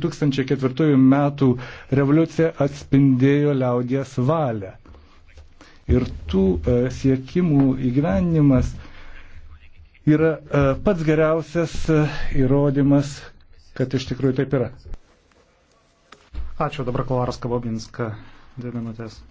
2004 metų revoliucija atspindėjo liaudies valią. Ir tų e, siekimų įgyvenimas yra e, pats geriausias e, įrodymas, kad iš tikrųjų taip yra. Ačiū dabar Klaras Kabobinska, dvi minutės.